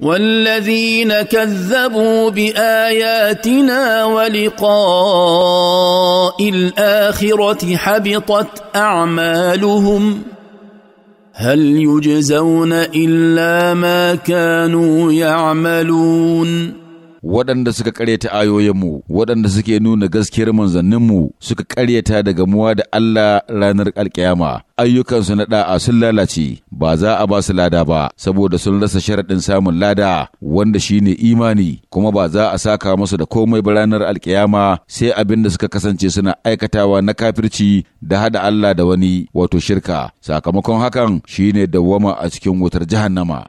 والذين كذبوا باياتنا ولقاء الاخره حبطت اعمالهم هل يجزون الا ما كانوا يعملون waɗanda suka ƙaryata ayoyinmu waɗanda suke nuna gaskiyar manzanninmu suka ƙaryata daga muwa da Allah ranar alƙiyama ayyukansu na ɗa'a sun lalace ba za a ba su lada ba saboda sun rasa sharaɗin samun lada wanda shine imani kuma ba za a saka musu da komai ba ranar alƙiyama sai abin da suka kasance suna aikatawa na kafirci da haɗa Allah da wani wato shirka sakamakon hakan shine dawwama a cikin wutar jahannama